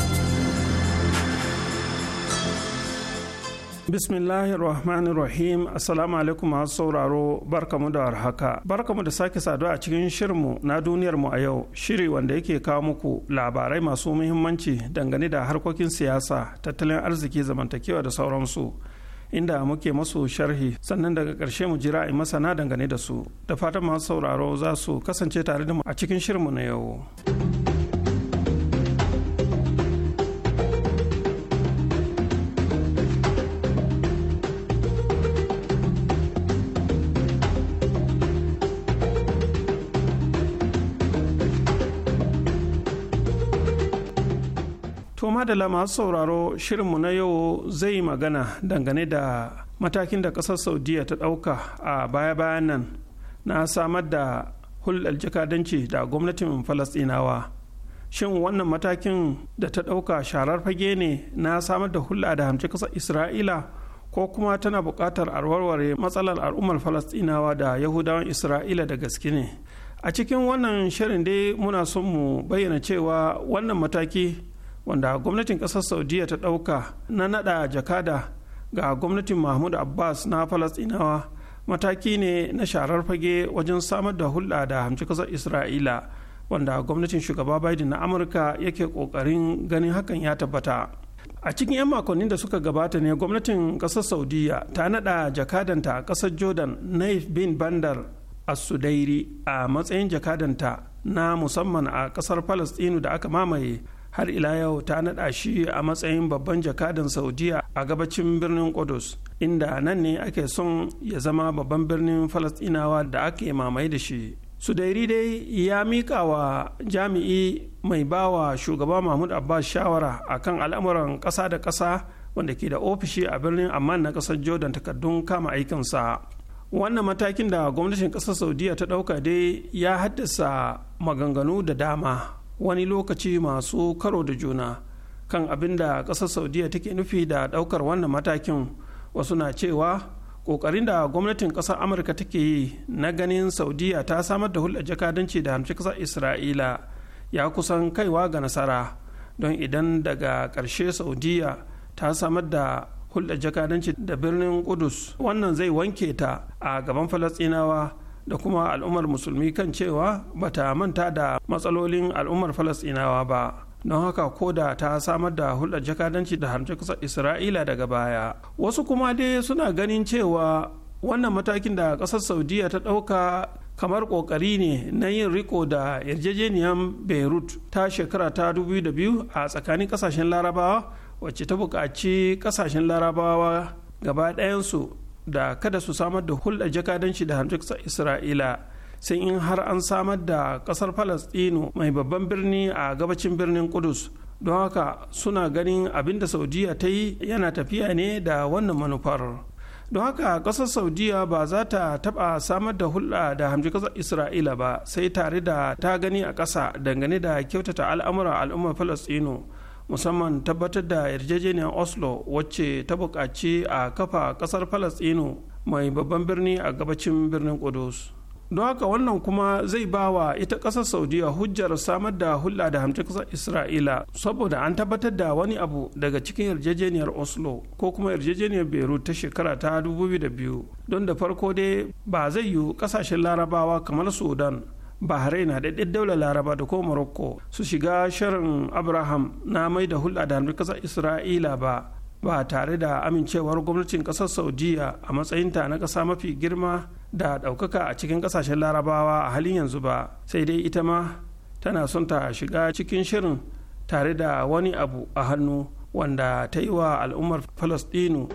rahim Assalamu alaikum masu sauraro barkamu da warhaka. Barkamu da sake saduwa a cikin shirinmu na duniyarmu a yau, shiri wanda yake kawo muku labarai masu muhimmanci dangane da harkokin siyasa, tattalin arziki, zamantakewa da sauransu. Inda muke masu sharhi sannan daga karshe mu jira a masana dangane da su. Da fatan masu sauraro za su kasance tare da mu a cikin shirinmu na yau. madala masu sauraro shirinmu na yau zai yi magana dangane da matakin da ƙasar saudiya ta ɗauka a baya-bayan nan na samar da hulɗar jakadanci da gwamnatin falasɗinawa shin wannan matakin da ta ɗauka sharar fage ne na samar da hulɗa da hamci kasar isra'ila ko kuma tana buƙatar a matsalar al'ummar Falasɗinawa da yahudawan isra'ila da gaske ne a cikin wannan shirin dai muna son mu bayyana cewa wannan mataki wanda gwamnatin ƙasar saudiya ta ɗauka na naɗa jakada ga gwamnatin mahmud abbas na falasinawa mataki ne na sharar fage wajen samar da hulɗa da hamci ƙasar isra'ila wanda gwamnatin shugaba biden na amurka yake ƙoƙarin ganin hakan ya tabbata a cikin 'yan makonnin da suka gabata ne gwamnatin ƙasar saudiya ta naɗa jakadanta a ƙasar jordan naif bin bandar a sudairi a matsayin jakadanta na musamman a ƙasar falastinu da aka mamaye har ila yau ta naɗa shi a matsayin babban jakadan saudiya a gabacin birnin kudus inda nan ne ake son ya zama babban birnin falastinawa da ake mamaye da shi sudairi dai ya mika wa jami'i mai bawa shugaba mahmud abbas shawara a kan al'amuran ƙasa da ƙasa wanda ke da ofishi a birnin amman na ƙasar jordan takardun kama aikinsa wannan matakin da gwamnatin ƙasar saudiya ta ɗauka dai ya haddasa maganganu da dama wani lokaci masu karo da juna kan abin da ƙasar saudiya take nufi da ɗaukar wannan matakin wasu na cewa ƙoƙarin da gwamnatin ƙasar amurka take yi na ganin saudiya ta samar da hulɗar jakadanci da hamshi ƙasar isra'ila ya kusan kaiwa ga nasara don idan daga ƙarshe saudiya ta samar da hulɗar jakadanci da birnin kudus wannan zai wanke ta a gaban falasɗinawa da kuma al'ummar musulmi kan cewa bata manta da matsalolin al'ummar falasɗinawa ba don haka ko da ta samar da hulɗar jakadanci da harce kusa isra'ila daga baya wasu kuma dai suna ganin cewa wannan matakin da ƙasar saudiya ta ɗauka kamar ƙoƙari ne na yin riko da yarjejeniyar beirut ta shekara ta 2002 a tsakanin ƙasashen larabawa wacce ta buƙaci ƙasashen larabawa gaba ɗayansu da kada su samar da hulɗa jakadanci da hamjiksa isra'ila sai in har an samar da ƙasar falastino mai babban birni a gabacin birnin kudus don haka suna ganin abin da saudiya ta yi yana tafiya ne da wannan manufar don haka ƙasar saudiya ba za ta taɓa samar da hulɗa da hamji ƙasar isra'ila ba sai tare da ta gani a ƙasa dangane da kyautata al'amura al'ummar falastino musamman tabbatar da yarjejeniyar oslo wacce ta buƙaci a kafa ƙasar falasɗinu mai babban birni a gabacin birnin kudus don haka wannan kuma zai ba wa ita ƙasar saudiya hujjar samar da hulɗa da hamtar ƙasar isra'ila saboda an tabbatar da wani abu daga cikin yarjejeniyar oslo ko kuma yarjejeniyar beirut ta shekara ta 2002 don da farko dai ba zai yiwu ƙasashen larabawa kamar sudan bahrain haɗaɗɗen daular laraba da kuma morocco su shiga shirin abraham na mai da hulɗa da hannun ƙasar isra'ila ba ba tare da amincewar gwamnatin ƙasar saudiya a matsayinta na ƙasa mafi girma da ɗaukaka a cikin ƙasashen larabawa a halin yanzu ba sai dai ita ma tana son ta shiga cikin shirin tare da wani abu a hannu wanda ta yi wa al'ummar falastinu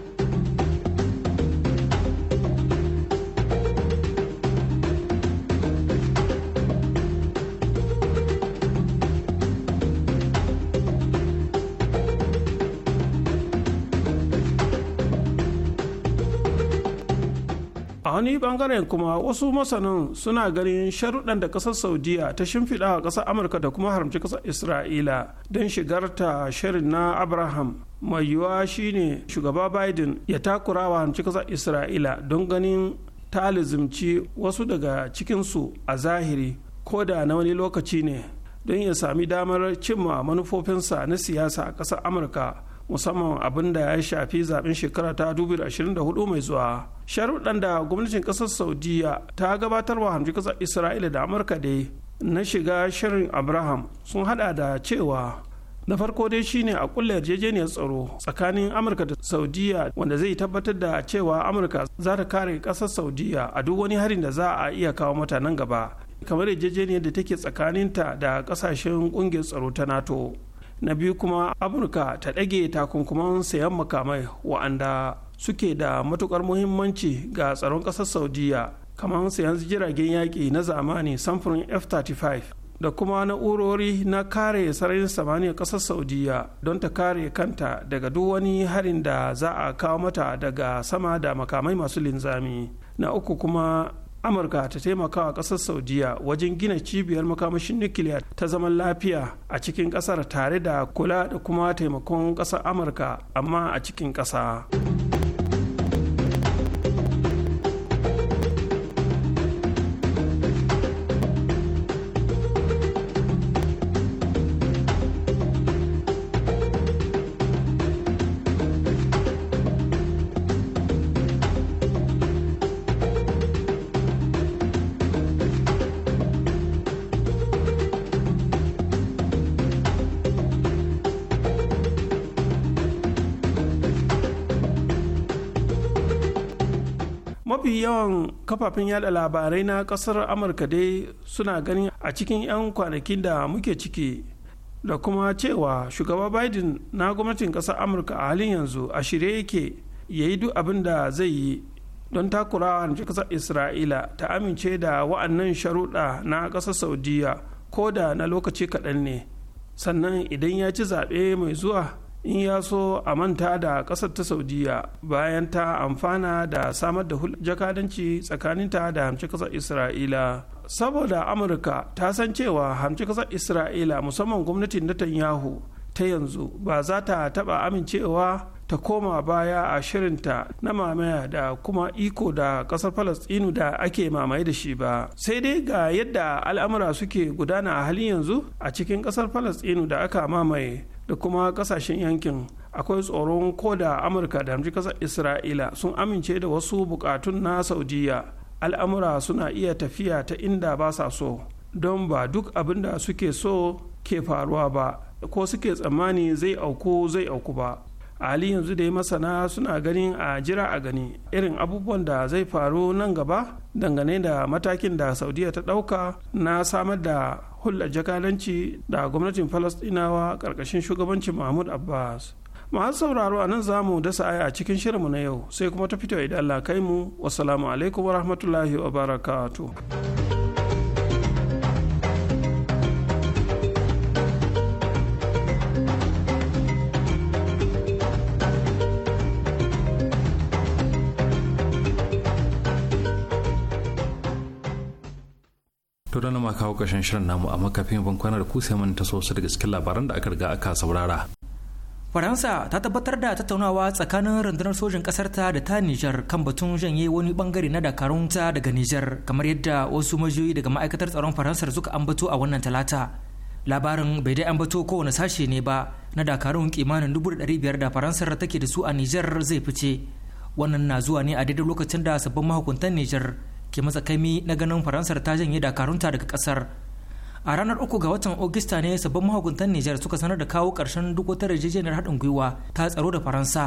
wani bangaren kuma wasu masanin suna ganin sharuɗan da ƙasar saudiya ta shimfiɗa a ƙasar amurka da kuma haramci ƙasar isra'ila don shigarta shirin na abraham mai yiwuwa shine shugaba biden ya takura wa haramci ƙasar isra'ila don ganin talizimci wasu daga cikinsu a zahiri ko da na wani lokaci ne don ya sami damar cimma manufofinsa na siyasa a ƙasar amurka musamman abin da ya shafi zaben shekara ta 2024 mai zuwa sharuɗan da gwamnatin ƙasar saudiya ta gabatarwa hamji ƙasar isra'ila da amurka dai na shiga shirin abraham sun hada da cewa na farko dai shine a kulla yarjejeniyar tsaro tsakanin amurka da saudiya wanda zai tabbatar da cewa amurka za ta kare kasar saudiya a duk wani harin da za a iya kawo mata nan gaba kamar yarjejeniyar da take tsakaninta da kasashen kungiyar tsaro ta nato na biyu kuma amurka ta ɗage takunkuman sayan makamai wa'anda suke da matukar muhimmanci ga tsaron ƙasar saudiya kamar sayan jiragen yaƙi na zamani samfurin f-35 da kuma na'urori na kare sararin samaniya ƙasar saudiya don ta kare kanta daga duk wani harin da za a kawo mata daga sama da makamai masu linzami na uku kuma amurka ta taimaka wa kasar saudiya wajen gina cibiyar makamashin nukiliya ta zaman lafiya a cikin kasar tare da kula da kuma taimakon kasar amurka amma a cikin kasa. yawan kafafen yada labarai na kasar amurka dai suna ganin a cikin 'yan kwanakin da muke ciki da kuma cewa shugaba biden na gwamnatin kasar amurka a halin yanzu a shirye yake ya yi duk abin da zai yi don takurawa na kasar isra'ila ta amince da wa'annan sharuɗa na kasar saudiya ko da na lokaci kaɗan ne sannan idan ya ci zaɓe mai zuwa in ya so a manta da ƙasar ta saudiya bayan ta amfana da samar da jakadanci tsakaninta da hamci ƙasar isra'ila saboda amurka ta san cewa hamci ƙasar isra'ila musamman gwamnatin netanyahu ta yanzu ba za ta taɓa amincewa ta koma baya a shirinta na mamaya da kuma iko da kasar falastinu da ake mamaye da shi ba sai dai ga yadda al'amura suke gudana a halin yanzu a cikin kasar falastinu da aka mamaye da kuma kasashen yankin akwai tsoron ko da amurka da hamji kasar isra'ila sun amince da wasu bukatun na saudiya al'amura suna iya tafiya ta inda ba sa so don ba duk abin da suke so ke faruwa ba ko suke tsammani zai auku zai auku ba ali yanzu da masana suna ganin a jira a gani irin abubuwan da zai faru nan gaba dangane da matakin da saudiya ta ɗauka na samar da hulɗar jakadanci da gwamnatin falastinawa ƙarƙashin shugabancin mahmud abbas masu sauraro a nan za mu dasa aya a cikin shirinmu na yau sai kuma ta fito idan allah kai mu wasu alaikum wa rahmatullahi wa barakatuh kawo shirin namu a makafin bankwanar da kusa mun taso su daga cikin labaran da aka riga aka saurara. Faransa ta tabbatar da tattaunawa tsakanin rundunar sojin kasarta da ta Nijar kan batun janye wani bangare na dakarunta daga Nijar kamar yadda wasu majiyoyi daga ma'aikatar tsaron Faransar suka ambato a wannan talata. Labarin bai dai ambato kowane sashe ne ba na dakarun kimanin dubu dari biyar da Faransar take da su a Nijar zai fice. Wannan na zuwa ne a daidai lokacin da sabbin mahukuntan Nijar ke matsakaimi na ganin faransar ta janye dakarunta daga kasar a ranar uku ga watan ogista ne sabbin mahukuntan nijar suka sanar da kawo karshen duk wata yarjejeniyar haɗin gwiwa ta tsaro da faransa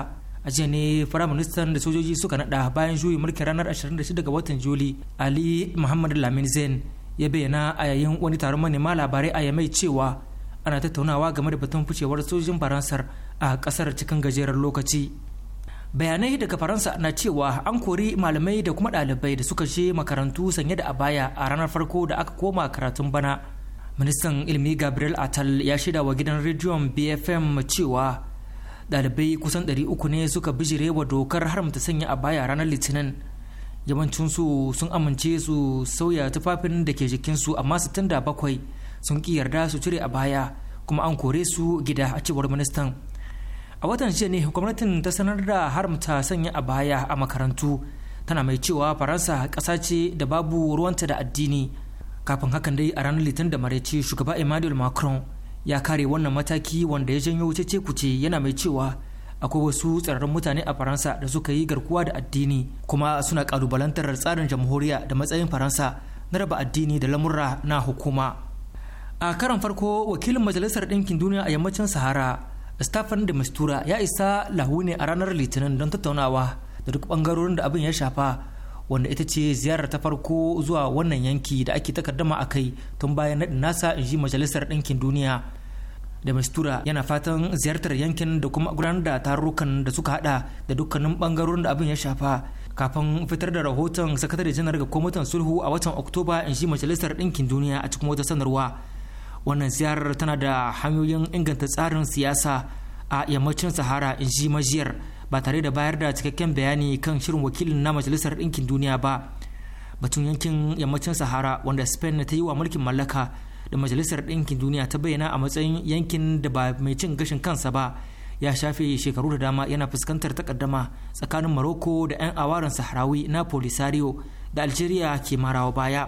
a jiya ne firaministan da sojoji suka naɗa bayan juyi mulkin ranar 26 ga watan juli ali muhammad lamin zain ya bayyana a yayin wani taron manema labarai a yamai cewa ana tattaunawa game da batun ficewar sojojin faransar a kasar cikin gajeren lokaci bayanai daga faransa na cewa an kori malamai da kuma dalibai da suka je makarantu sanye da abaya a ranar farko da aka koma karatun bana ministan ilimi gabriel atal ya shaida wa gidan rediyon bfm cewa dalibai kusan 300 ne suka bijire wa dokar haramta sanya abaya ranar litinin yawancinsu sun amince su sauya tufafin da ke jikinsu amma bakwai sun ƙi yarda su cire baya kuma an kore su gida a cewar ministan a watan jiya ne gwamnatin ta sanar da haramta sanya a baya a makarantu tana mai cewa faransa ƙasa ce da babu ruwanta da addini kafin hakan dai a ranar litinin da maraice shugaba emmanuel macron ya kare wannan mataki wanda ya janyo cece kuce yana mai cewa akwai wasu tsararrun mutane a faransa da suka yi garkuwa da addini kuma suna kalubalantar tsarin jamhuriya da matsayin faransa na raba addini da lamurra na hukuma a karan farko wakilin majalisar ɗinkin duniya a yammacin sahara staffan da mistura ya isa lahu ne a ranar litinin don tattaunawa da duk bangarorin da abin ya shafa wanda ita ce ziyarar ta farko zuwa wannan yanki da ake takaddama a kai tun bayan naɗin nasa in ji majalisar ɗinkin duniya da mistura yana fatan ziyartar yankin da kuma gudanar da tarurrukan da suka hada da dukkanin bangarorin da abin ya shafa kafin fitar da rahoton sakatare janar ga kwamitin sulhu a watan oktoba in ji majalisar ɗinkin duniya a cikin wata sanarwa wannan ziyarar tana da hanyoyin inganta tsarin siyasa a yammacin sahara in ji majiyar ba tare da bayar da cikakken bayani kan shirin wakilin na majalisar ɗinkin duniya ba batun yankin yammacin sahara wanda spain ta yi wa mulkin mallaka da majalisar ɗinkin duniya ta bayyana a matsayin yankin da ba mai cin gashin kansa ba ya shafe shekaru da dama yana fuskantar takaddama tsakanin maroko da 'yan awaran saharawi na polisario da algeria ke marawa baya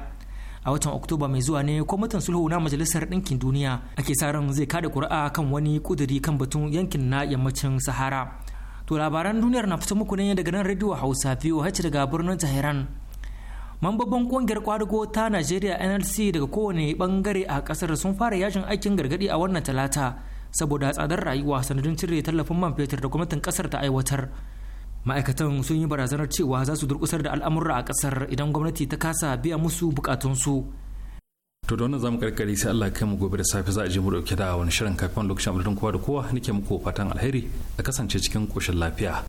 a watan oktoba mai zuwa ne kwamitin sulhu na majalisar ɗinkin duniya ake sa ran zai kada kuri'a kan wani kuduri kan batun yankin na yammacin sahara to labaran duniyar na fito muku ne daga nan radio hausa voh daga birnin tehran mambobin kungiyar kwadugo ta najeriya nlc daga kowane bangare a kasar sun fara yajin aikin gargadi a wannan talata saboda tsadar rayuwa sanadin cire tallafin man fetur da gwamnatin kasar ta aiwatar ma'aikatan sun yi barazanar cewa za su durkusar da al'amurra a kasar idan gwamnati ta kasa biya musu bukatunsu to da wannan zamu karkare sai Allah kai mu gobe da safe za a je mu dauke da wani shirin kafin lokacin abudin kowa da kowa nake muku fatan alheri a kasance cikin koshin lafiya